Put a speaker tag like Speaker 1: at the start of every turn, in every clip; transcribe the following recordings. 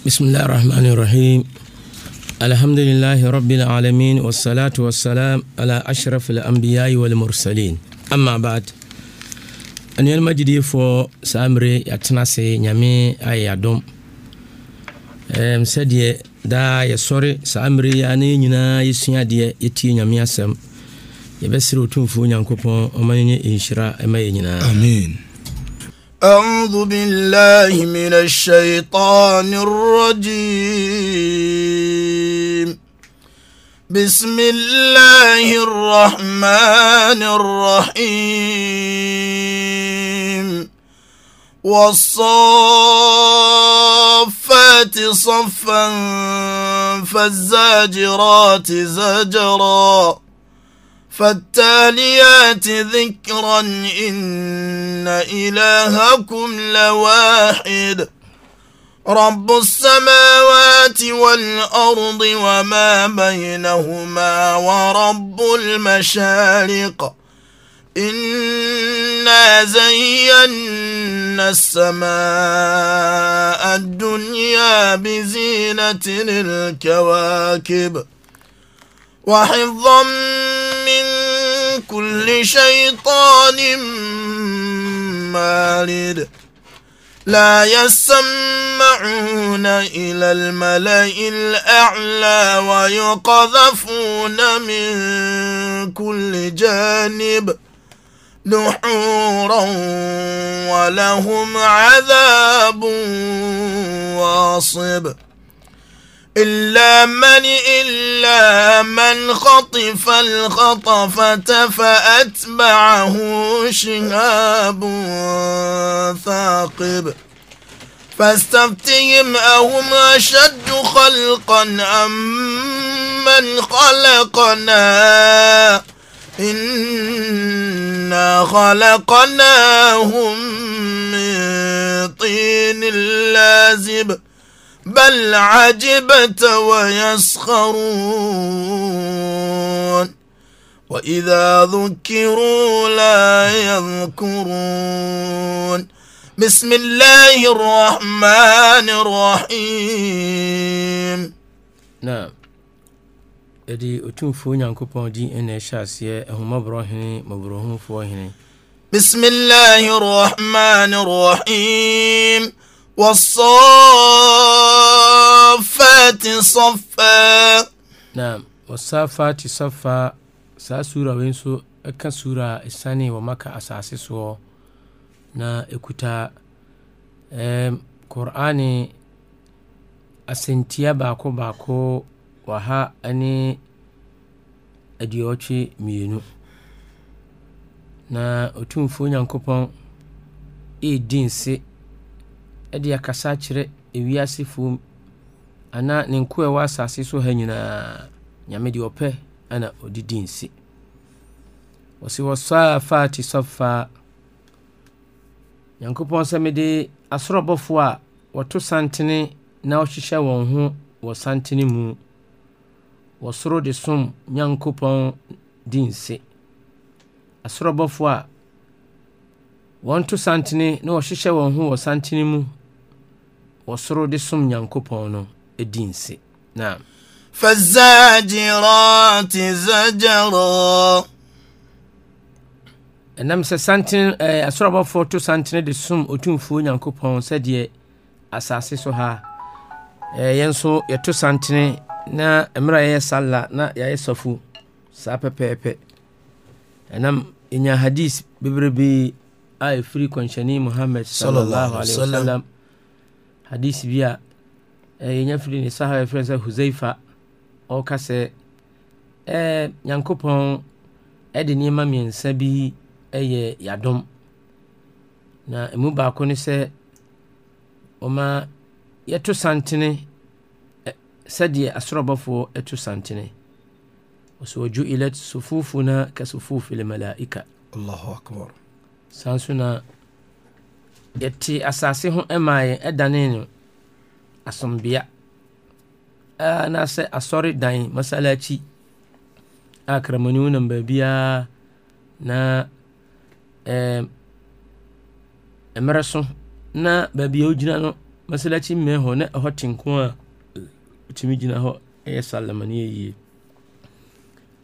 Speaker 1: بسم الله الرحمن الرحيم الحمد لله رب العالمين والصلاة والسلام على أشرف الأنبياء والمرسلين أما بعد anuanom agyidiifoɔ saa mmere yɛatena ase nyame ayɛ adom um, eh, sɛdeɛ daa yɛsɔre saa mmere yi a na yɛnyinaa yɛsua adeɛ yɛtie nyame asɛm yɛbɛserɛ ɔtumfuo onyankopɔn ɔma yɛnyɛ nhyira ɛma yɛ nyinaa
Speaker 2: أعوذ بالله من الشيطان الرجيم بسم الله الرحمن الرحيم والصفات صفا فالزاجرات زجرا فالتاليات ذكرا إن إلهكم لواحد رب السماوات والأرض وما بينهما ورب المشارق إنا زينا السماء الدنيا بزينة الكواكب وحفظا من كل شيطان مارد لا يسمعون إلى الملأ الأعلى ويقذفون من كل جانب دحورا ولهم عذاب واصب إلا من إلا من خطف الخطفة فأتبعه شهاب ثاقب فاستفتهم أهم أشد خلقا أم من خلقنا إنا خلقناهم من طين لازب بل عجبت ويسخرون وإذا ذكروا لا يذكرون بسم الله الرحمن الرحيم
Speaker 1: نعم ɛde ɔtumfuo nyankopɔn din ɛna ɛhyɛ aseɛ ahomaborɔ hene mmɔborɔhufoɔ hene
Speaker 2: bismillahi rahmani rahim
Speaker 1: wasafati safa naam wasafati safa saa sura wei so ɛka suura ɛsiane wɔ maka asase soɔ na ɛkuta um, kur'ane asentia baako baako wɔ ha ne aduɔtwe mmienu na ɔtumfuo nyankopɔn ɛredi nse de akasa kyerɛ ewiasefoɔ mu anaa ne nko ɛwɔ asase so ha nyinaa nyame deɛ ɔpɛ ana ɔde di nsi wɔsi wɔ saafaate sɔfa nyankopɔn sɛ mede asorɔbɔfoɔ a wɔto santene na ɔhyehyɛ wɔn ho wɔ santene mu wɔ soro de som nyankopɔn di nsi asorɔbɔfoɔ a wɔnto santene na wɔhyehyɛ wɔn ho wɔ santene mu wɔsoro de som nyankopɔn no di nse na zajaro ɛnam sɛ santene eh, to santene de som ɔtumfuo nyankopɔn sɛdeɛ asase so ha eh, yɛn nso yɛto santene na mmerɛ yɛyɛ sala na yɛayɛ safo saa pɛpɛɛpɛ ɛnam ɛnya hadis bebrebee a ɛfiri kwanhyɛne muhammad sallallahu alaihi wasallam hadis bi a eh, yɛnya firi ne sahaba yɛfrɛ sɛ huseifa ɔka sɛ eh, nyankopɔn ɛde eh, nneɛma mmiɛnsa bi yɛ yadom na ɛmu baako ne sɛ ɔma yɛto santene sɛdeɛ asorɔbɔfoɔ ɛto santene ɔsɛ wɔjuilat na ka sufufi lmalaika allahu akbar saa na yɛte asase ho maa yɛn ɛdane no asombea na sɛ asɔre dan masalachi a kramani wonam baabiaa na mmerɛ so na baabi a wogyina no masalachi mmɛ hɔ na ɛhɔ tenko a wotumi gyina hɔ ɛyɛ salamani yie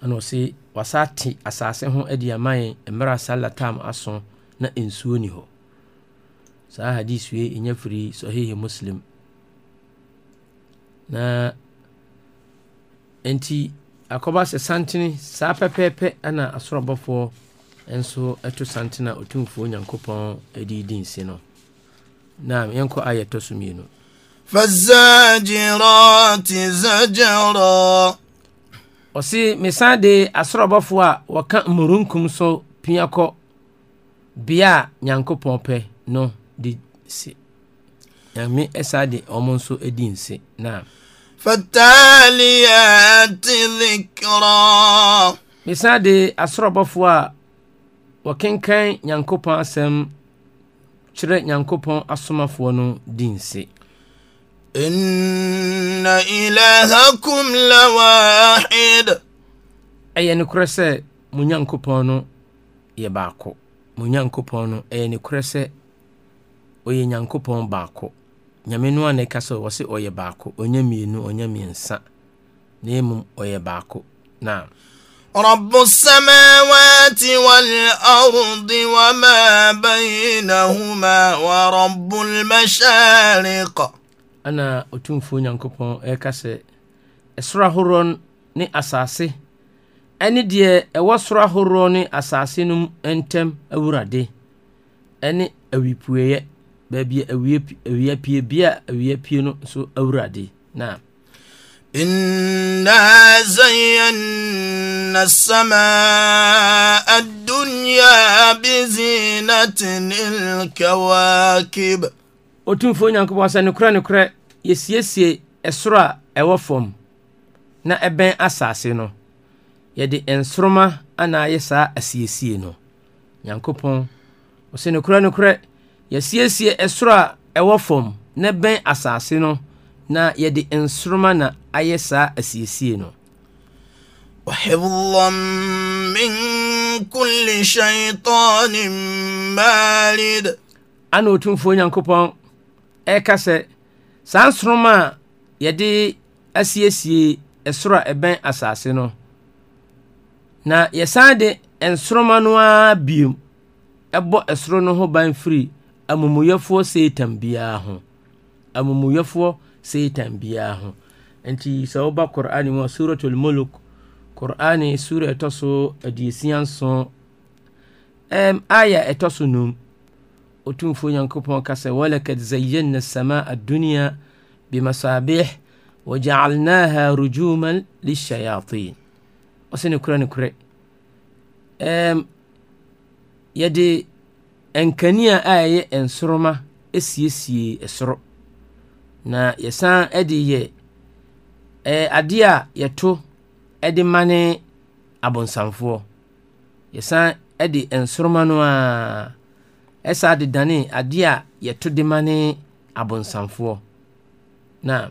Speaker 1: ana ɔse wasa te asase ho adi ama mmerɛ a salatam aso na nsuo ni hɔ saa hadis wei ɛnya firi sahihi muslim na enti akɔba sɛ santene saa pɛpɛɛpɛ ana asorɔbɔfoɔ ɛnso ɛto santene a ɔtumfuo nyankopɔn adi di nsi no na yɛnkɔ ayɛ tɔ so mmienu فالزاجرات زجرا ɔse mesan de asorɔbɔfoɔ a wɔka mmurunkum so pia kɔ bea a nyankopɔn pɛ no di si nyame ɛsa de ɔmo nso di nsi na. fataliyati dhikra. mesan de asorɔbɔfoɔ a wɔkenkan nyankopɔn asɛm kyerɛ nyankopɔn asomafoɔ no di nsi.
Speaker 2: inna ilahakum lawahid.
Speaker 1: ɛyɛ nokorɛ sɛ mo nyankopɔn no yɛ baako mo nyankopɔn no ɛyɛ nokorɛ sɛ ɔyɛ nyankopɔn baako nyame no a na ɛka sɛ wɔ se ɔyɛ baako ɔnya mmienu ɔnya mmiɛnsa na mmom ɔyɛ baako na
Speaker 2: رب السماوات والأرض وما بينهما ورب المشارق
Speaker 1: أنا أتنفو نيانكوبون إيكاسي ɛsoro ahoroɔ ne asase ɛne deɛ ɛwɔ soro ahoroɔ ne asase no ntam awurade ɛne awipueɛ babia awia pie bia awia pie noso awurade na inhzayana
Speaker 2: sama dunia biziinatin
Speaker 1: lkawakib ɔtumfo nyankopɔn ɔsɛnokorɛ no korɛ yɛsiesie soro a ɛwɔfam na ɛbɛn asase no yɛde nsoroma anaayɛ saa asiesie no nyankopɔn snokorɛ no korɛ yɛsiesie ɛsoro a ɛwɔ fam na bɛn asase no na yɛde nsoroma na ayɛ saa asiesie no
Speaker 2: وحفظا من
Speaker 1: كل شيطان مارد أنا أتمفو نيانكوبون ɛka sɛ saa nsoroma a yɛde asiesie ɛsoro a ɛbɛn asase no na yɛsan de nsoroma no ara biem ɛbɔ ɛsoro no ho ban firi amumuyɛfoɔ satan biara ho amumuyɛfoɔ satan biara ho nti sɛ woba qur'ane mu a suratul muluk qur'ane sura ɛtɔ so aduesia nson um, aya ɛtɔ so num ɔtumfoɔ nyankopɔn ka sɛ walakad zayanna samaa adunia bimasabih wajalnaha rujuman lishayatin ɔsɛ ne korɛ ne korɛ yɛde nkanea a ɛyɛ nsoroma siesie soro na yɛsan de yɛ adeɛ a yɛto de ma ne abonsamfoɔ yɛsan de nsoroma no a ɛsan de dane adeɛ a yɛto de ma ne abonsamfoɔ na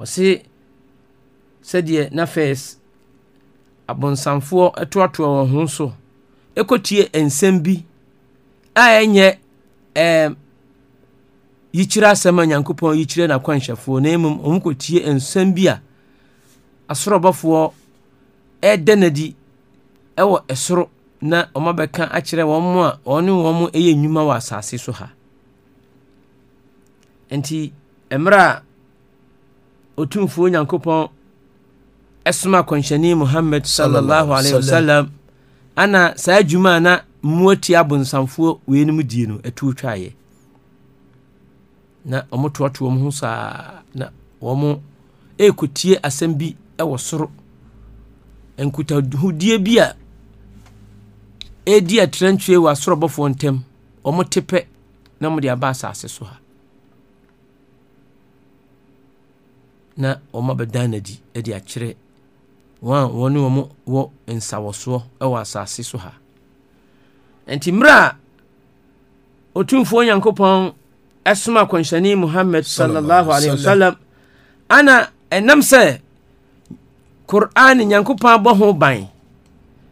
Speaker 1: ɔse sɛdeɛ na fɛs abonsamfoɔ toatoa wɔn ho so ɛkɔtie nsɛm bi a ɛnyɛ ɛɛ yikyerɛ asɛm a nyankopɔn yikyerɛ n'akwanhyɛfoɔ na mmom ɔmo kɔtie nsɛm bi a asorɔbɔfoɔ ɛɛdɛ n'adi ɛwɔ ɛsoro na ɔmo abɛka akyerɛ wɔn mo a ɔne wɔn ɛyɛ nnwuma wɔ asase so ha nti mmerɛ a otumfuo onyankopɔn ɛsoma akɔnhyɛne muhammad sallallahu alaihi wasallam ana saa adwuma na mmoa ti abonsamfoɔ weinom die no ɛtuo twaeɛ na ɔmo toatoa ho saa na ɔmo ɛrekɔtie asɛm bi ɛwɔ soro nkutahodie bi a ɛdi atrantwie wɔ asorɔbɔfoɔ ntam ɔmo tepɛ na mode de aba asase so ha na wɔn abɛdan n'adi de akyerɛ wɔn a wɔn ne wɔn wɔ nsawɔsoɔ wɔ asase so ha nti mmerɛ a otumfuo nyankopɔn ɛsoma akɔnhyɛne muhammad sallallahu alaihi wasallam ana ɛnam sɛ qur'an nyankopɔn abɔ ho ban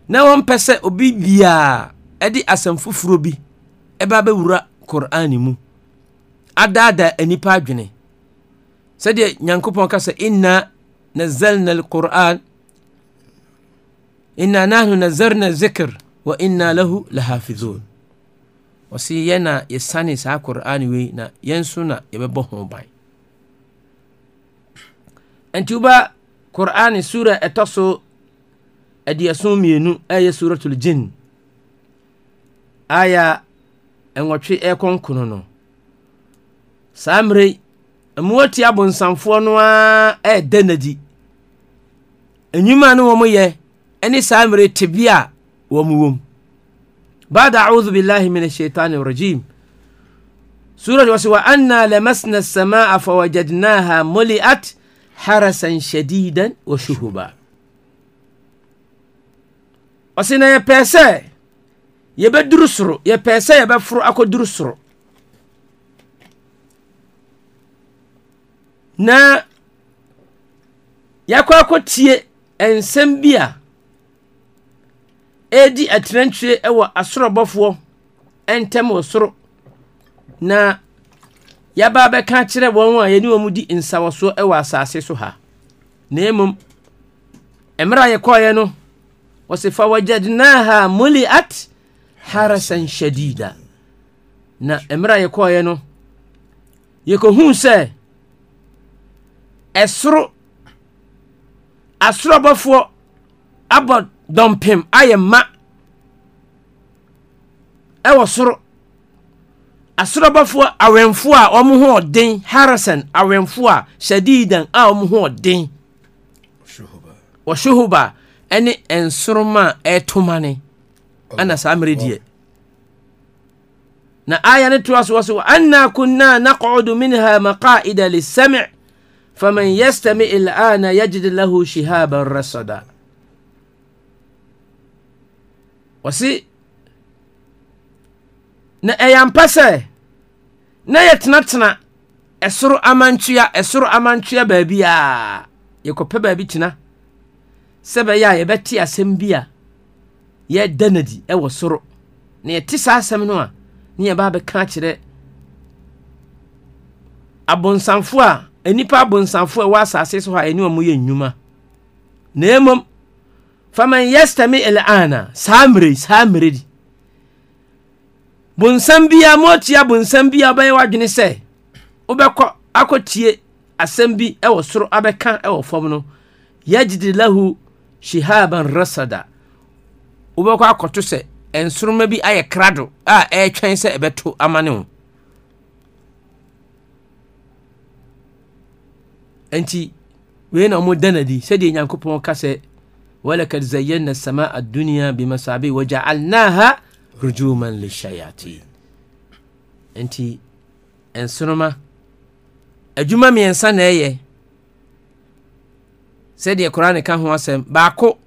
Speaker 1: na wɔmpɛ sɛ obi biaa ɛde asɛm foforɔ bi ɛba bɛwura qur'an mu adaadaa anipa adwene sɛdeɛ nyankopɔn ka sɛ inna nazalna alquran inna nahnu nazarna zikr wa inna lahu lahafizun ɔse yɛna yɛsane saa quran wei na yɛn so na yɛbɛbɔ ho ban ɛnti woba quran sura ɛtɔ so aduason mmienu ɛyɛ suratul jinn aya ɛwɔtwe ɛkɔnkono no saa mmerɛi moa ti abonsamfoɔ no aa ɛdɛ na di nnwuma ne wɔmyɛ ne saa mmere tebi a wɔmwom bad arutsu billahi min ahitan ilragim suras wɔanna lamasna samaa fawajadnaha moliat harasan hadidan washohuba ɔs na yɛpɛ sɛ yɛbɛdur so yɛpɛ sɛ yɛbɛforo akɔduru soro na yɛakɔ akɔtie nsɛm bi a edi atenantwie wɔ asorɔbɔfoɔ ntɛm wɔ soro na yɛaba bɛka kyerɛ wɔn a yɛne wɔn di nsawɔsoɔ wɔ asase so ha na mmom mmerɛ a yɛkɔɔeɛ no wɔsi fa muli at harasan shadida na mmerɛ a yɛkɔɔeɛ no yɛkɔhuu sɛ ɛsoro asorobɔfoɔ abɔ dɔmpem ayɛ mma ɛwɔ soro asorobɔfoɔ awɛnfoɔ a ɔmo hoɔden harison awɛnfoɔ a shadidan a ɔmohoɔden wshohoba ɛne nsoroma a ɛtomane anasaa mmerediɛ na aya ne toaso wa so wɔanna konnaa nakrodo min ha maqaida lesamer فمن yastami il'ana يجد له shihaban rasada وسي na ɛyɛ mpa sɛ na yɛtenatena ɛsoro amantua ɛsoro amantua baabi a yɛkɔpɛ baabi tena sɛ bɛyɛ a yɛbɛte asɛm bi a yɛda no adi ɛwɔ soro na yɛte saa asɛm no a ne yɛbaa bɛka akyerɛ abonsamfoɔ a nnipa abonsamfo a ɛwɔ asase so hɔ a ɛne wɔn yɛ nnwuma na mmom faman yɛstami ilana saa mmere saa mmere di bonsam bia moatia bonsam bia wobɛyɛ w'adwene sɛ wobɛkɔ akɔtie asɛm bi ɛwɔ soro abɛka ɛwɔ fam no yɛgyidi lahu shihaban rasada wobɛkɔ akɔto sɛ nsoroma bi ayɛ krado a ɛretwɛn sɛ ɛbɛto ama ne ho enti wei na ɔmo dana di sɛdeɛ nyankopɔn ka sɛ walakad zayyana sama adunia bimasabi wajaalnaha rujuman lishayatin enti ɛnsoroma adwuma mmiɛnsa na ɛyɛ sɛdeɛ ne ka ho asɛm baako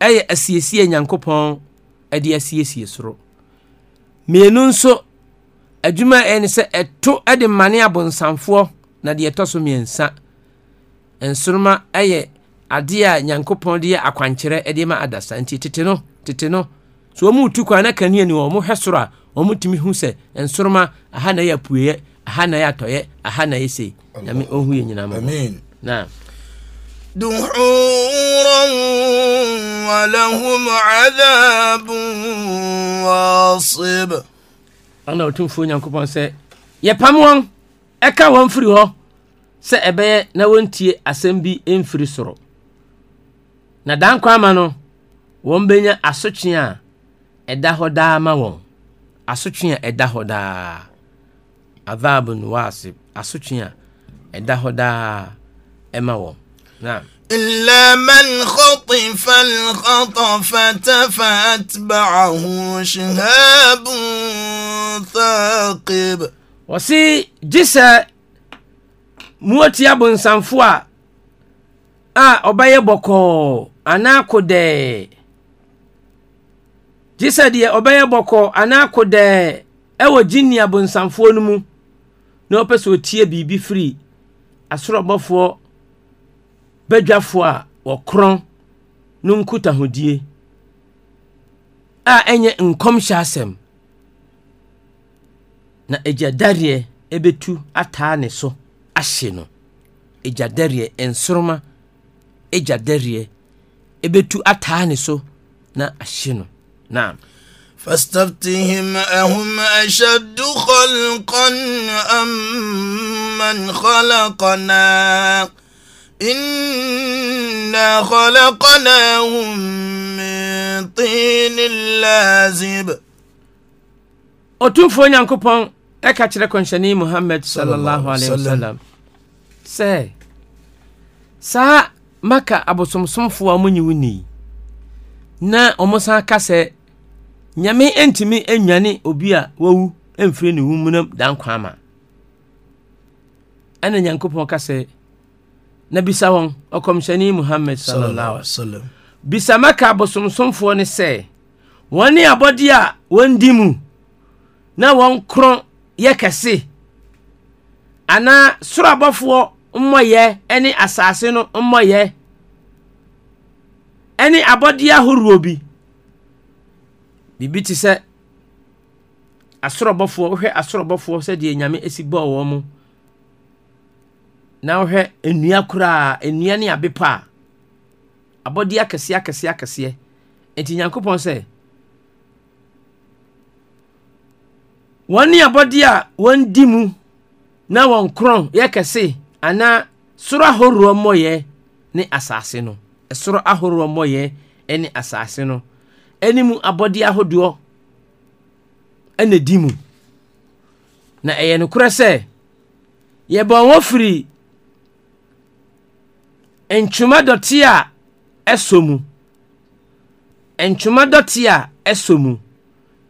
Speaker 1: ɛyɛ asiesie nyankopɔn ɛde asiesie soro mmienu nso adwuma ɛyɛ ne sɛ ɛto ɛde mane abonsamfoɔ na deɛ ɛtɔ so mmiɛnsa nsoroma yɛ adeɛ a nyankopɔn de yɛ akwankyerɛ de ma adasa nti tete no tete no so wɔn tu kwan na kanea ni wɔn hwɛ soro a wɔn tumi hu sɛ nsoroma aha na yɛ apueɛ aha na yɛ atɔeɛ aha na yɛ sei nyame ɔhu yɛ nyinaa ma na
Speaker 2: دحورا ولهم عذاب واصب
Speaker 1: أنا أتم فوني أنكم بانسي يا ɛka wɔn firi hɔ sɛ ɛbɛyɛ na tie asɛm bi mfiri soro na dankwa ama no wɔn bɛnya asotwe a ɛda hɔ daa ma wɔn asotwe a ɛda hɔ daa adhabu nuwaasib asotwe a ɛda hɔ daa ɛma wɔn na
Speaker 2: إلا من خطف الخطفة فأتبعه شهاب
Speaker 1: ثاقب ɔse gye sɛ muoti abonsamfo a a ɔbɛyɛ bɔkɔɔ anaa kodɛɛ gye sɛ deɛ ɔbɛyɛ bɔkɔɔ anaa kodɛɛ ɛwɔ abonsamfoɔ no mu na ɔpɛ sɛ ɔtie biribi firi asorɔbɔfoɔ badwafoɔ a wɔkorɔn no nkutahodie a ɛnyɛ najadariɛ bɛtu ataane so ahy no adariɛ nsoroma a dariɛ bɛtu ataa ne so na ahy nonk ɛka kyerɛ kɔnhyɛne muhammad sallallahu alaihi wasallam sɛ saa maka abosomsomfoɔ a monyi wo nii na ɔmo san ka sɛ nyame ɛntumi ɛnwane obi a wawu ɛmfiri ne wumunam dan kwan ma ɛna nyankopɔn ka sɛ na bisa wɔn ɔkɔmhyɛne muhammad sallallahu alaihi wasallam bisa maka abosomsomfoɔ ne sɛ wɔne abɔde a wɔndi mu na wɔn korɔn yɛ kɛse anaa soro abɔfoɔ mmɔyɛ ɛne asaase no mmɔyɛ ɛne abɔdeɛ ahoroɔ bi biribi te sɛ asorɔbɔfoɔ wohwɛ asorɔbɔfoɔ deɛ nyame esi bɔɔ wɔ mu na wohwɛ nnua koraa nnua ne abepɔ abɔdeɛ akɛseɛ akɛseɛ akɛseɛ enti nyankopɔn sɛ wɔn ne abɔde a wɔn di mu na wɔn korɔn yɛ kɛse anaa soro ahoroɔ mmɔyɛ ne asase no soro no anim abɔde ahodoɔ di mu na ɛyɛ nokorɛ sɛ yɛbɔn wɔ firi ntoma dɔte a ɛsɔ mu mu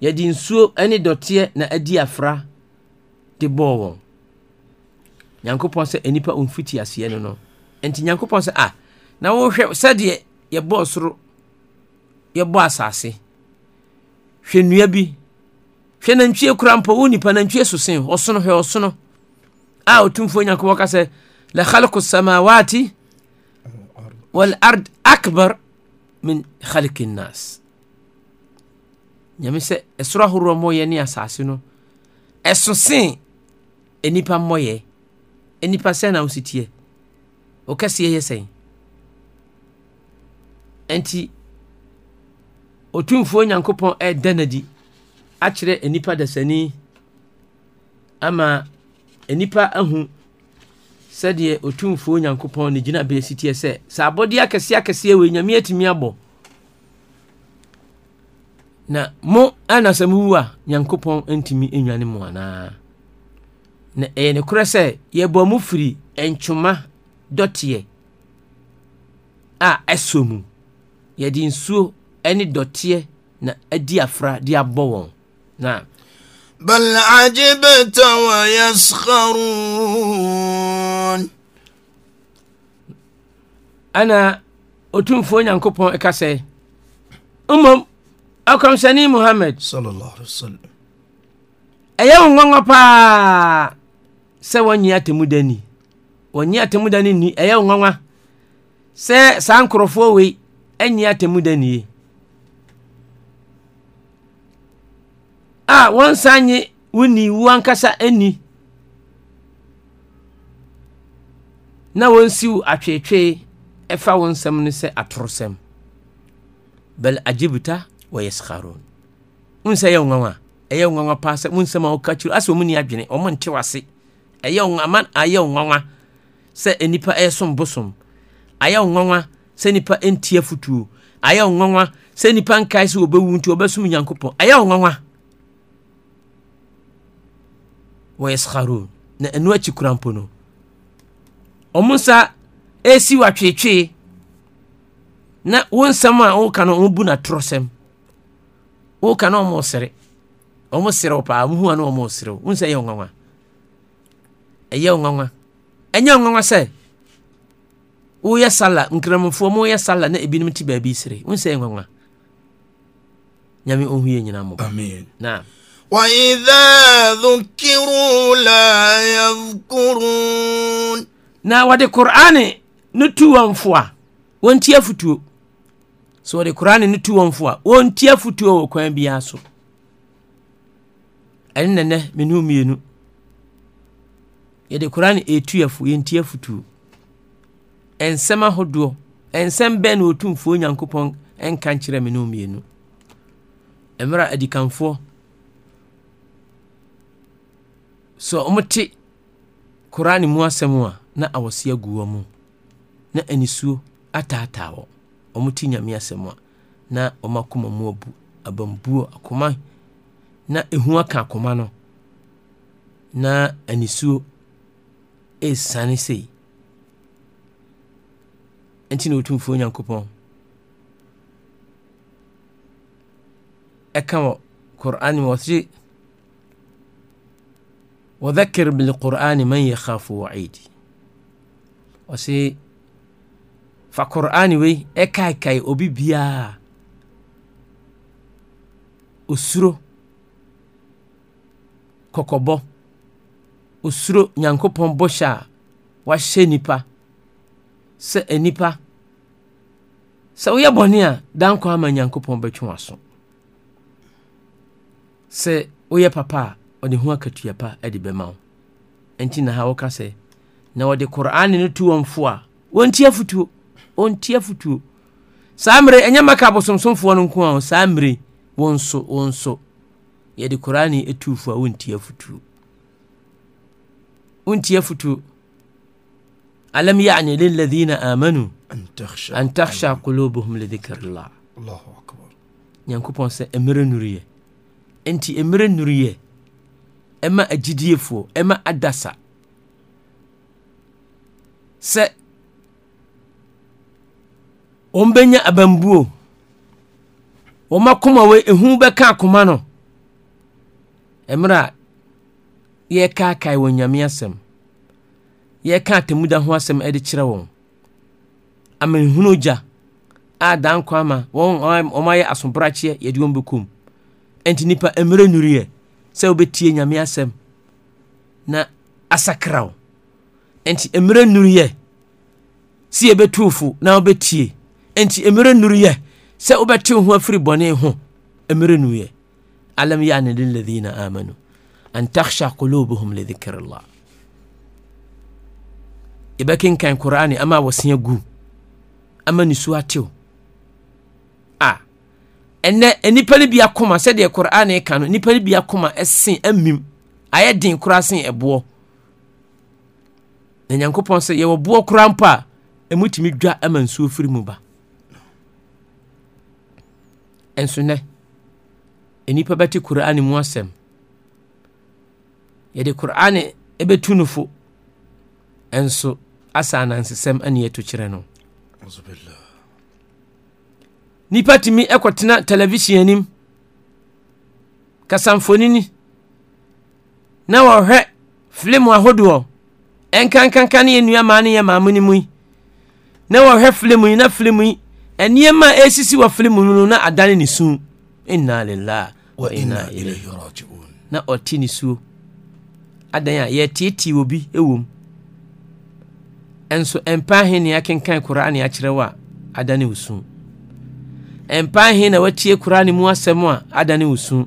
Speaker 1: yɛde nsuo ne dɔteɛ na adi afra de bɔɔ wɔ nyankopɔn sɛ ɛnipa ɔmfiti aseɛ no no ntinyankopɔn sɛna ah, wow sɛdeɛ yɛbɔɔ soro yɛbɔ asase hwɛ nnua bi hwɛ nantwee kora mpa wo nnipa nantwee sosen ɔsohwɛ ɔsono ɔtumfuo nyankopɔn kasɛ lagalko samawati walard akbar min halk nas nyame sɛ ɛsoro ahoroɔ mmɔyɛ ne asase no ɛso sen enipa mmɔyɛ enipa sɛ na wosi tie ɔkɛseɛ yɛ sɛn ɛnti otumfuo nyankopɔn ɛɛda n'adi akyerɛ enipa dasani ama enipa ahu sɛdeɛ otumfuo nyankopɔn ne gyina bɛɛ si tie sɛ sɛ abɔdeɛ akɛseɛ akɛseɛ wei nyame atumi abɔ mo ɛna sɛ mowu a nyankopɔn ntimi nnwane mu anaa na ɛyɛ nokorɛ sɛ yɛbɔ mu firi ntwoma dɔteɛ a ɛsɔ mu yɛde nsuo ne dɔteɛ na adiafra de abɔ wɔn na ɔtumfoɔ nyankopɔn ɛka sɛmmo ɔkɔmsɛne muhamad ɛyɛ wo nwɔa paa sɛ wɔnye atamudani yi atamudan ɛyɛwo nɔna sɛ saa nkorɔfoɔ wei nyi atemu danie wɔsan nye wo ni wo ankasa ani na wɔnsi wo atwetwee fa wo sɛm no sɛ atorosɛm b agebita wɔyɛskharon mu sɛ ɛyɛ wo nwanwa ɛyɛ wo nwanwa paa sɛ mu nsɛm a woka kyiro asɛ ɔmu ni nte wase ɛyɛ wo ama ayɛ wo nwanwa sɛ bosom ayɛ wo nwanwa sɛ nnipa futu futuo ayɛ wo nwanwa sɛ nnipa nkae sɛ wɔbɛwu nti wɔbɛsom nyankopɔn ayɛ wo na ɛno akyi kora mpo no ɔmo nsa ɛsi watwetwee na wo nsɛm a woka no ɔmo bu na woka na ɔmo sere ɔmo sere wo paa muhu a na ɔmo sere wo wonsɛ ɛyɛ wo ɛyɛ wo ɛnyɛ wo nwanwa sɛ woyɛ sala nkramfoɔ ma woyɛ sala na ebinom te baabi sere wonsɛ ɛyɛ nwanwa nyame ɔhu yɛ nyina mmɔ na وإذا ذكروا لا يذكرون na wɔde qur'ane no tu wanfoa wɔnti afutuo so wɔde kora no tu wɔn fo a wɔnti afotuo wɔ kwan biara so ɛne nɛnɛ me ne mmienu yɛde korane ɛtu afo yɛnti afotuo ɛnsɛm ahodoɔ ɛnsɛm bɛn na ɔtumfuo nyankopɔn ɛnka nkyerɛ me ne mmienu mmerɛ adikanfoɔ sɛ ɔmote korane mu asɛm a na awɔse agu wɔ mu na anisuo ataataa wɔ ɔmote nyame asɛm a na ɔma koma mu abu abambuo akoma na ɛhu aka akoma no na anisuo ɛsiane sei ɛnti na ɔtumfuo nyankopɔn ɛka wɔ qur'an mu ɔse وذكر بالقرآن من يخاف وعيد ɔse fa qur'an wei ɛkaekae obi biaa osuro kɔkɔbɔ osuro nyankopɔn bɔhyɛ a wahyɛ nipa sɛ anipa sɛ woyɛ bɔne a dankɔ ama nyankopɔn bɛtwe waso sɛ woyɛ papa a ɔde ho akatua pa de bɛma wo ɛnti na ha woka sɛ na wɔde qur'ane no tu wɔn fo a wɔnti afotuo ɔnti afutuo saa mmerɛ ɛnyɛ maka abosomsomfoɔ no nko a saa mmerɛ wo nso wo nso yɛde korane ɛtuufo a wonti afutuo wonti afutuo alam yani liladina amanu an takhsha qulubuhum li dhikri allahu lidhikrillah nyankopɔn sɛ mmerɛ nuruyɛ enti mmerɛ nuruyɛ ɛma agyidiefoɔ ɛma adasa sɛ wɔn bɛnya abambuo wɔn akoma wei ehu bɛka akoma no mmerɛ a yɛrekaakae wɔ nyame asɛm yɛreka atemmuda ho asɛm de kyerɛ wɔn gya a dan ma wɔn ayɛ asobrakyeɛ yɛde wɔn bɛkɔm nipa mmerɛ sɛ nyame asɛm na asakraw mmerɛ yɛbɛtuufo na enti mmerɛ nuruyɛ sɛ wobɛtew ho afiri bɔne ho mmerɛ nuyɛ alam yane lilladhina amanu an takhsha qulubuhum li lidhikrillah yɛbɛkenkan qur'ane ama wɔsea gu ama nisu atew a ɛnɛ nipa no bi akoma sɛdeɛ qur'ane ka no nipa no bi akoma ɛsen amim ayɛ den koraa sen ɛboɔ na nyankopɔn sɛ yɛwɔ boɔ koraa mpo a ɛmu tumi dwa ama nsuo firi mu ba ɛnso nɛ nnipa bɛte kur'ane mu asɛm yɛde kur'ane ɛbɛtu no fo ɛnso asa anansesɛm ane yɛto kyerɛ no nipa tumi ɛkɔtena television anim kasamfonini na wɔhwɛ filimu ahodoɔ ɛnkankanka ne yɛ nnuamaa ne yɛ maamo ne mu yi na wɔhwɛ filimu yi na filimu yi nneɛma ɛsisi wɔ filimu no na adane ne su inna lillahi wa inna ilayhi raji'un na ɔte ne suo adan a yɛtietie wɔ bi ɛwɔ mu ɛnso mpa he ne akenkan koraa ne akyerɛ a adane wo su mpa na watie koraa ne mu asɛm a adane wo su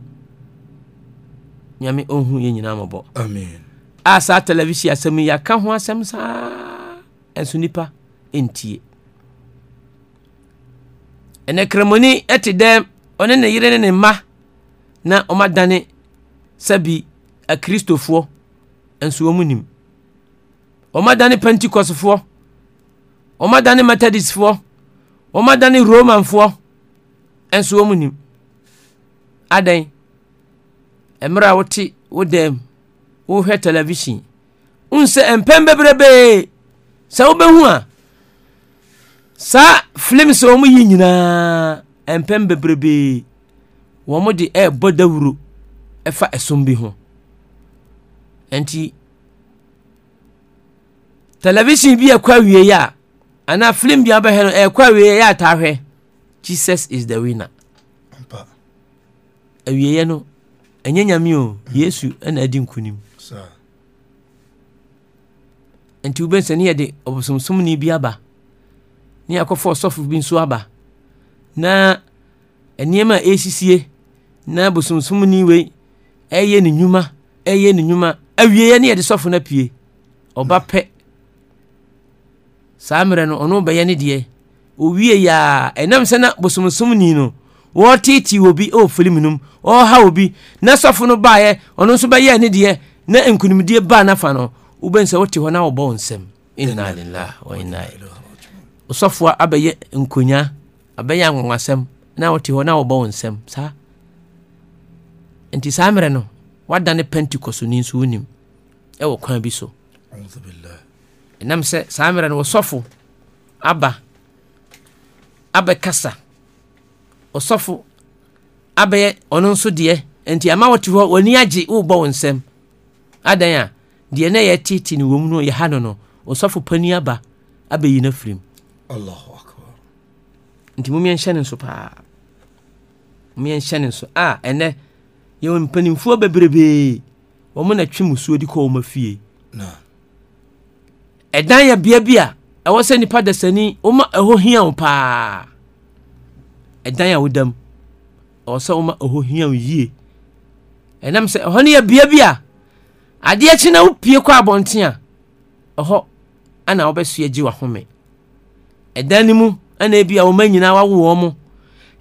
Speaker 1: nyame ɔhu yɛ nyinaa mɔbɔ a saa television asɛm yɛaka ho asɛm saa ɛnso nipa ɛntie ɛnɛ kramoni te dɛm ɔne ne yere ne ne mma na ɔmadane sɛbi akristofoɔ nso wɔn nim ɔmadane pentikɔsfoɔ ɔmadane methodistfoɔ ɔmadane romanfoɔ nso wɔn nim adan mmerɛ a wote wo dɛm wohwɛ television n sɛ mpɛn bebrebee sɛ wobɛhu a saa films wɔn yi nyinaa mpɛn bebrebee wɔn de ɛrebɔ dawuro ɛfa ɛsom bi ho nti television bi ɛkɔ awie yɛ a anaa film bi abɛhɛ no ɛkɔ awie yɛ a taa jesus is the winner awie yɛ no ɛnyɛ nyame o yesu ɛna adi nkunim nti wobɛnsɛ ne yɛde ɔbosomsomni bi aba ne yɛakɔfa ɔsɔfo bi nso aba na nneɛma a ɛsisie na bosomsom ni wei ɛyɛ ne nnwuma ɛyɛ ne nnwuma awieɛ ne yɛde sɔfo no apue ɔba pɛ saa mmerɛ no ɔno bɛyɛ ne deɛ owie yaa ɛnam sɛ na bosomsom ni no wɔteetee obi ɛwɔ filim nom ɔha obi na sɔfo no baeɛ ɔno nso bɛyɛ ne deɛ na nkonimdie baa nafa no wobɛn sɛ wote hɔ na wɔbɔ wo nsɛm inna lilah wa inna ilaihi ɔsɔfoɔ abɛyɛ nkonya abɛyɛ anwansɛm na wɔte hɔ na wɔbɔ wo nsɛm saa nti saa mmerɛ no woadane ne pentikɔsoni nso wonim ɛwɔ kwan bi so ɛnam sɛ saa mmerɛ no ɔsɔfo aba abɛkasa ɔsɔfo abɛyɛ ɔno nso deɛ nti ama wɔte hɔ w'ani agye worebɔ wo nsɛm adan a deɛ na yɛtete no wɔ mu no yɛha no no ɔsɔfo pani aba abɛyi no afirim allahu akbar nti momiɛnhyɛ ne so paa momiɛnhyɛ ne so a ah, ɛnɛ yɛwɔ mpanimfoɔ bebrebee wɔn na twe musuo de kɔ wɔn afie ɛdan yɛ bea bi a ɛwɔ sɛ nipa dasani wɔma ɛhɔ hia wo paa ɛdan a wodam ɛwɔ sɛ wɔma ɛhɔ hia wo yie ɛnam sɛ ɛhɔ no yɛ bea bi a adeɛ kyi na wopie kɔ abɔnten a ɛhɔ ana wobɛso agye wahome ɛdan no mu ɛna ebi a wɔn nyinaa wawo wɔn mo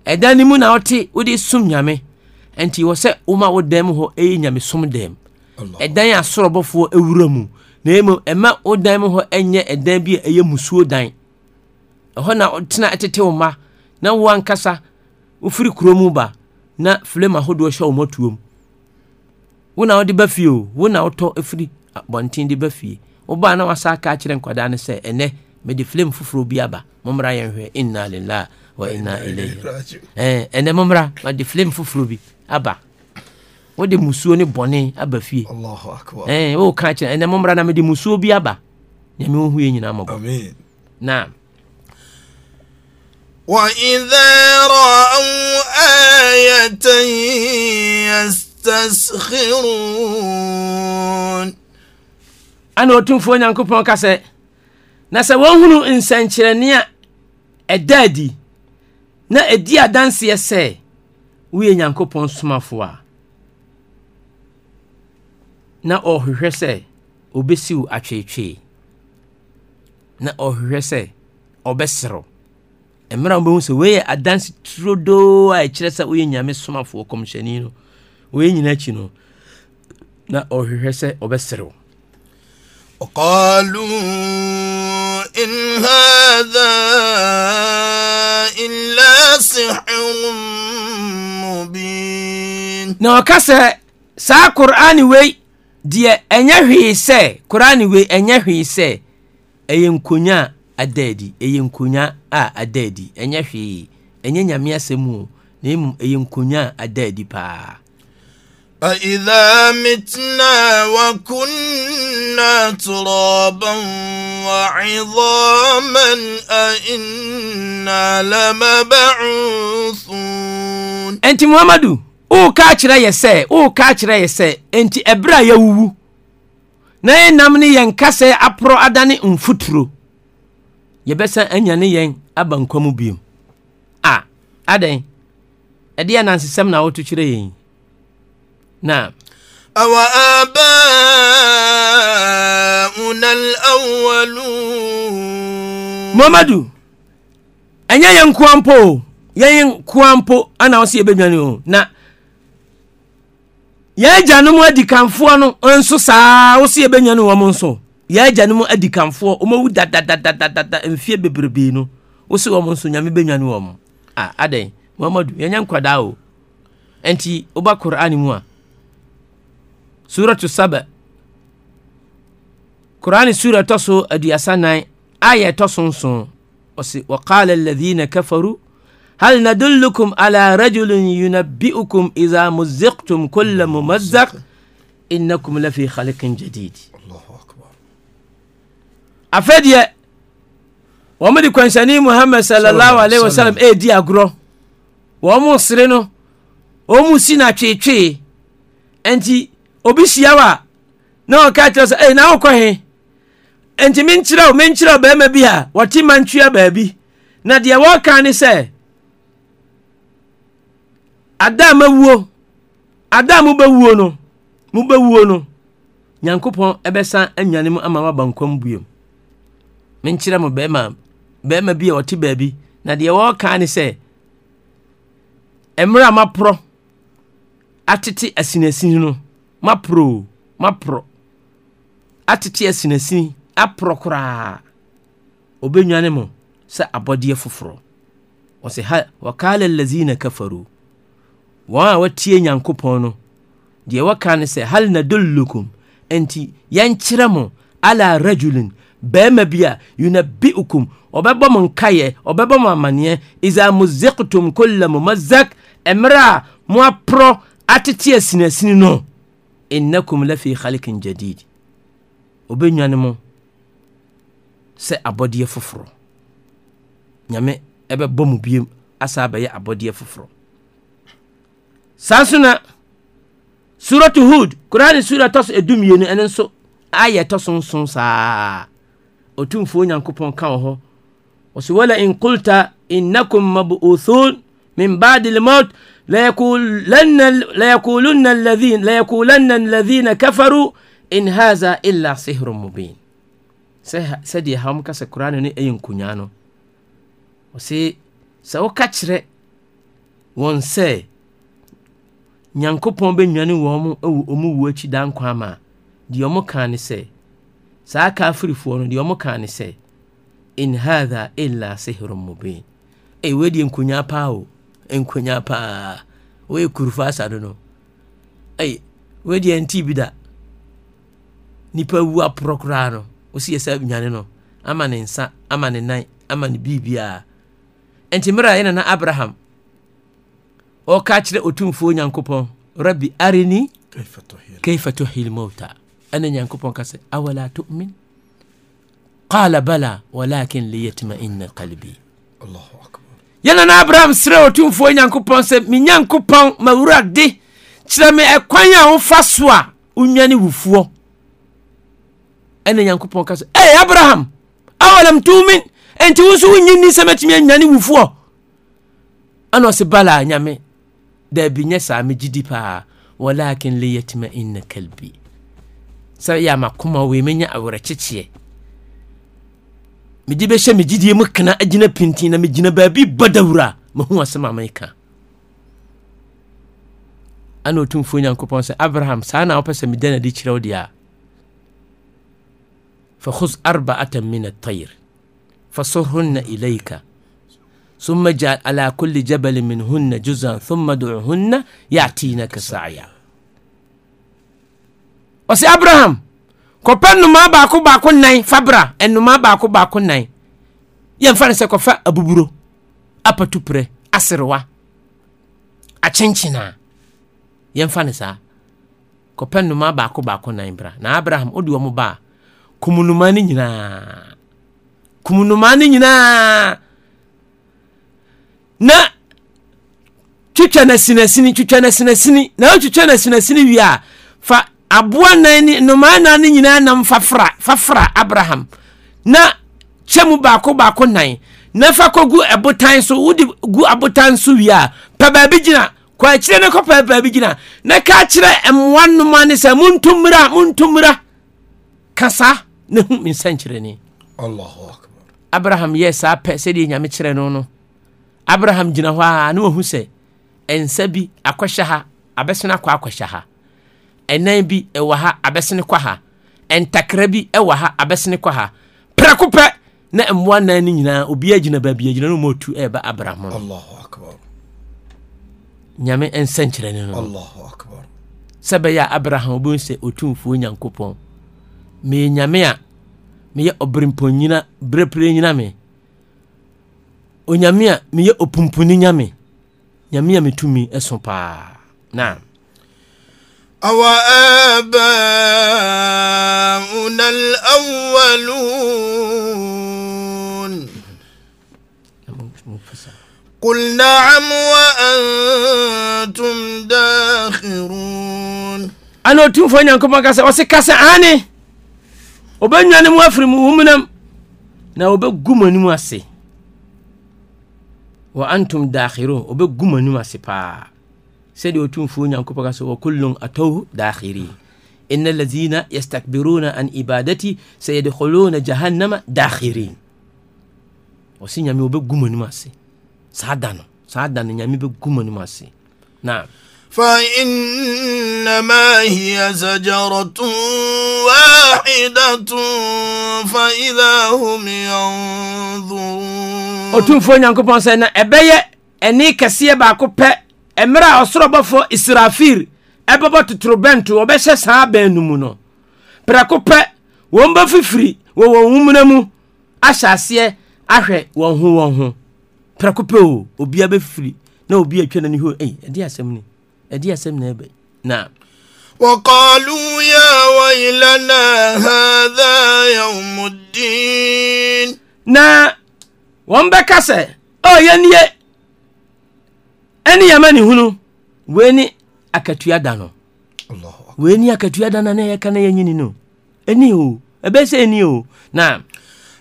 Speaker 1: ɛdan no mu na ɔte wɔde sum nyame nti wɔ sɛ wɔn a wɔ dan mu hɔ ɛyɛ nyame som dan mu ɛdan a sorɔbɔfoɔ ɛwura mu na emu ɛma wɔ dan mu hɔ ɛnyɛ ɛdan bi a ɛyɛ musuo dan ɛhɔ na ɔtena ɛtete wɔn ma na wɔn ankasa wofiri kuro mu ba na flame ahodoɔ hyɛ wɔn atuo mu wɔn na wɔde ba fie o wɔn na wɔtɔ efiri abɔnten de ba fie wɔn baa na wɔasa akyerɛ nkwadaa no sɛ ɛnɛ mede flame foforɔ bi aba momra yɛnhwɛ inna lillah wa inna ilaihi eh, ɛnɛ momra made flame foforɔ bi aba wode musuo ne bɔne aba fie eh, woka kyerɛ ɛnɛ momra na mede musuo bi aba nyame wohu yɛ nyinaa mɔbɔ na
Speaker 2: وإذا رأوا آية
Speaker 1: يستسخرون أنا أتم فوني أنكو na sɛ wɔhunu nsɛnkyerɛnne a ɛda adi na ɛdi adanseɛ sɛ woyɛ nyankopɔn somafoɔ a na ɔhwehwɛ sɛ obɛsi wo atweetwee na ɔhwehwɛ sɛ ɔbɛserew mmerɛ a wobɛhu sɛ woyɛ adanse turodoo a ɛkyerɛ sɛ woyɛ nyame somafoɔ kɔmhyɛni no woyɛ nyina akyi no na ɔhwehwɛ sɛ ɔbɛserew
Speaker 2: وقالوا إن هذا إلا سحر
Speaker 1: مبين نوكاسة سا قرآن وي deɛ ɛnyɛ hwee sɛ koraa wei ɛnyɛ hwee sɛ ɛyɛ nkonya a ada adi ɛyɛ nkonya a ada adi ɛnyɛ hwee ɛnyɛ nyame asɛm o na mmom ɛyɛ nkonya a ada adi paa
Speaker 2: أإذا متنا وكنا ترابا وعظاما أإنا لمبعوثون
Speaker 1: أنت محمد wo ka akyerɛ yɛ sɛ wo ka akyerɛ yɛ sɛ enti ɛberɛ a yɛwuwu na yɛnam ne yɛn kasɛ aporɔ adane mfuturo yɛbɛsa anya ne yɛn aba nkwa mu biom a adɛn ɛdeɛ nansesɛm na woto kyerɛ yɛn Naam.
Speaker 2: Awa'abaunal yang
Speaker 1: Muhammadu. Enye yen kuampo. Ya yang kuampo ana wasi ebedwane o. Na Ye ya janu mu adikamfo no nso saa wosi ebedwane wo mu nso. Ye ya janu mu adikamfo o mawu da da da da da da mfie beberebe no. Wosi wo mu nso nyame bedwane wo mu. Ah, adan. mamadu, yen nyam kwa o. Enti oba Qur'ani mu ursratsoadsanyatsoso s waal laina kafaru hal nadolukom ala rajulin unabikum iza muziktum kla mumazak inakm la fi alkin jadidafɛdeɛ ɔmde kwansani muhamad waslm edi aor wɔ m sere no ɔ mu sinatwetwee obi hyia w a na ɔka kyerɛ sɛ na wokɔ he enti menkyerɛ wo menkyerɛ ɔbarima bi a wɔte ma ntua baabi na deɛ wɔka ne sɛ wuo adaama bɛ wuo no bɛ wuo no nyankopɔn ɛbɛsa anyane mu ama waba nkwam biom menkyerɛ mo bɛrima bɛrima bi a ɔte baabi na deɛ wɔreka ne sɛ mmerɛ a maporɔ atete asinasin no ppr atete asinasini aprɔ koraa ɔbɛane mo sɛ abɔdeɛ foforɔ swkala lazina kafaroo wɔ awatiɛ nyankopɔn no deɛ wɔka ne sɛ hal nadollucum nti yɛnkyerɛ mo ala rajulin barma bi a unabiucum ɔbɛbɔ mo nkayɛ ɔbɛbɔ m amanneɛ isa musiktum kolamumazak merɛ a mo aporɔ atete asinasini no innakum lafi khaliqin jadid obɛnwane mu sɛ abɔdeɛ foforɔ nyame ɛbɛbɔ mu biem asa bɛyɛ abɔdeɛ foforɔ saa nso na suratu hud korane sura tɔ so ɛdumienu ɛno nso ayɛ tɔ so nson saa ɔtumfuo nyankopɔn ka wɔ hɔ ɔsɛ wala in kulta innakum mabuuthun min badi lmaut layakulanna alladhina kafaru in haza illa sihrun mubin sɛdeɛ haw m ka sɛ koraa no ɛyɛ nkonyaa no ɔse sɛ woka kyerɛ wɔn sɛ nyankopɔn bɛnwane wɔn mu ɛwɔ ɔmu wu akyi da nkwa ama a deɛ ɔmo kaa ne sɛ saa ka afirifoɔ no deɛ ɔmo kaa ne sɛ in hadha illa sihrun mubin ɛwɔ deɛ paa o nkonya paa woyɛ kurufo asade no ei wedeɛ nti bi da nipa wu aporɔ koraa no wosi yɛ sɛ nyane no ama ne nsa ama ne nan ama ne biribiaa ɛnti mmerɛ a yɛ nana abraham ɔka kyerɛ otumfuo nyankopɔn rabbi arini kaifa tuhil mota ɛne nyankopɔn ka sɛ awala tumin qala bala walakin liyatmaina qalbi allahu akbar yɛnan abraam sere otumfuɔ nyankopɔn sɛ menyankopɔn mawrde kyerɛ me kwaa wofa soa an nyabraham walamtome ntiwoswoyinisɛmtimiaane wofo nas bale am dbiy same gidi pimnkl symaky awrkkɛ mede bɛhyɛ me gyidie mu kena agyina pintin na megyina baabi badawura mahu asɛm a meka ana ɔtumfuo nyankopɔn sɛ abraham saa na wopɛ sɛ meda no ade kyerɛ wo deɛ a فخذ أربعة من الطير فصرهن إليك ثم اجعل على كل جبل منهن جزءا ثم دعهن يأتينك سعيا وسي abraham kɔpɛ nnomaa baako baako nan fabra nnomaa baako baako nan yɛmfa ne sɛ kɔfa abuburo apatuprɛ aserewa akyenkyena yɛmfa no saa kɔpɛ nnomaa baako baako nan bra na abraham wode wɔn ba kumunuma no nyinaa kumunuma no nyinaa na twitwa no asinasini twitwa no asinasini na wotwitwa no asinasini wie a fa aboa nan nnomaa nan ne nyinaa nam fafra fafra abraham na kyɛ mu baako baako nan na fa kɔgu ɛbotan so wode gu abotan so wie a pɛ baabi gyina kɔ akyire ne kɔpɛ baabi gyina na ka kyerɛ mmoa nnoma ne sɛ monto mmira monto mmira ka saa na hu me abraham yɛ saa pɛ sɛdeɛ nyame kyerɛ no no abraham gyina hɔ a ne wahu sɛ ɛnsa bi akɔhyɛ ha abɛsena akɔ akɔhyɛ ha ɛnan bi ɛwɔ ha abɛsene kɔ ha ntakra bi ɛwɔ ha abɛsene kɔ ha prɛko pɛ na mmoa nan no nyinaa obiaa gyina baabi agyina no maɔtu ɔtu ɛɛba abraham no nyame nsɛnkyerɛne no sɛ bɛyɛ a abraham wobɛhu sɛ ɔtumfuo nyankopɔn meyɛ nyame a meyɛ ɔberempɔnyina berɛpere nyina me onyame a meyɛ opumpuni nyame nyame a metumi ɛso paa naam
Speaker 2: أواباؤنا الأولون قل
Speaker 1: نعم وأنتم داخرون أنا أتوم فنانكم كاسة وسكاسة آني وبين أنا موافر مهمنام na obe guma nu ase wa antum dakhiru obe guma nu ase sɛde ɔtumfuɔ nyankopɔn ka sɛ wa kullun atawhu dakhiri ان الذين يستكبرون عن عبادتي سيدخلون جهنم داخرين وسي نيامي وبغوم نماسي سادان سادان نيامي بغوم نماسي نعم فانما
Speaker 2: هي زجرة واحدة فاذا هم ينظرون
Speaker 1: اتوم فو نيانكو بونسا نا ابيي اني كسيه باكو merɛ a ɔsorobɔfoɔ israfir bɛbɔ totorobɛnto ɔbɛhyɛ saa abannu mu no prɛko pɛ wɔm bɛfifiri wɔwɔ womuna mu ahyɛ aseɛ ahwɛ wɔn ho wɔn ho prɛko pɛ obiabɛfifri nbnm na wɔ bɛka sɛ yɛne ɛne yɛma ne hunu wei ne akatua da no wei ne akatua da no na yɛka na yɛnyini no ɛni o ɛbɛɛ sɛ ɛni o na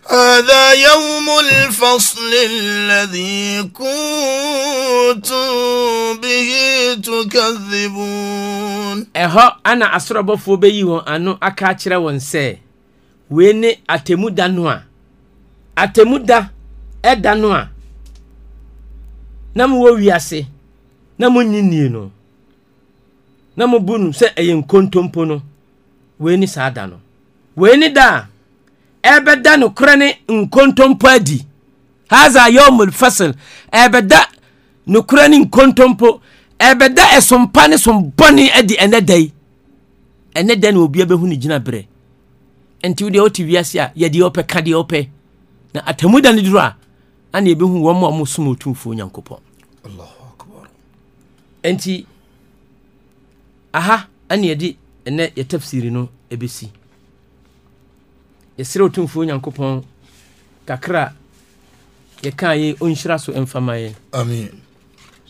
Speaker 1: هذا يوم الفصل الذي كنتم به تكذبون ɛhɔ ana asorɔbɔfoɔ bɛyi wɔn ano aka akyerɛ wɔn sɛ wei ne atemu da no a atemu na monyi nie no na mobun sɛ ɛyɛ nkontompo no ein saada no ei n daa bɛda nokor ne nkontompo adi hasa yomlfassl bɛda nokor n nkop bɛda sompa ne sombɔne adi ɛnɛda ɛnɛda nobiabɛhunogyinaberɛ ntiwodeɛ ote wiase yɛdeɛ pɛ kadeɛ pɛ na atamudane duro a anebɛum msomotumfu onyankopɔn nti aha ɛne yɛde ɛnɛ yɛ tafsiri no ɛbɛsi yɛserɛ otumfuo nyankopɔn kakra yɛkaa yɛ ɔnhyira so ɛmfama yɛ amin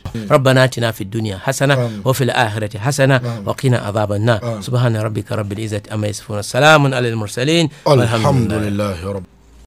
Speaker 1: ربنا اتنا في الدنيا حسنه آمين. وفي الاخره حسنه آمين. وقنا عذاب النار سبحان ربك رب العزه اما يصفون سلام على المرسلين والحمد
Speaker 2: لله رب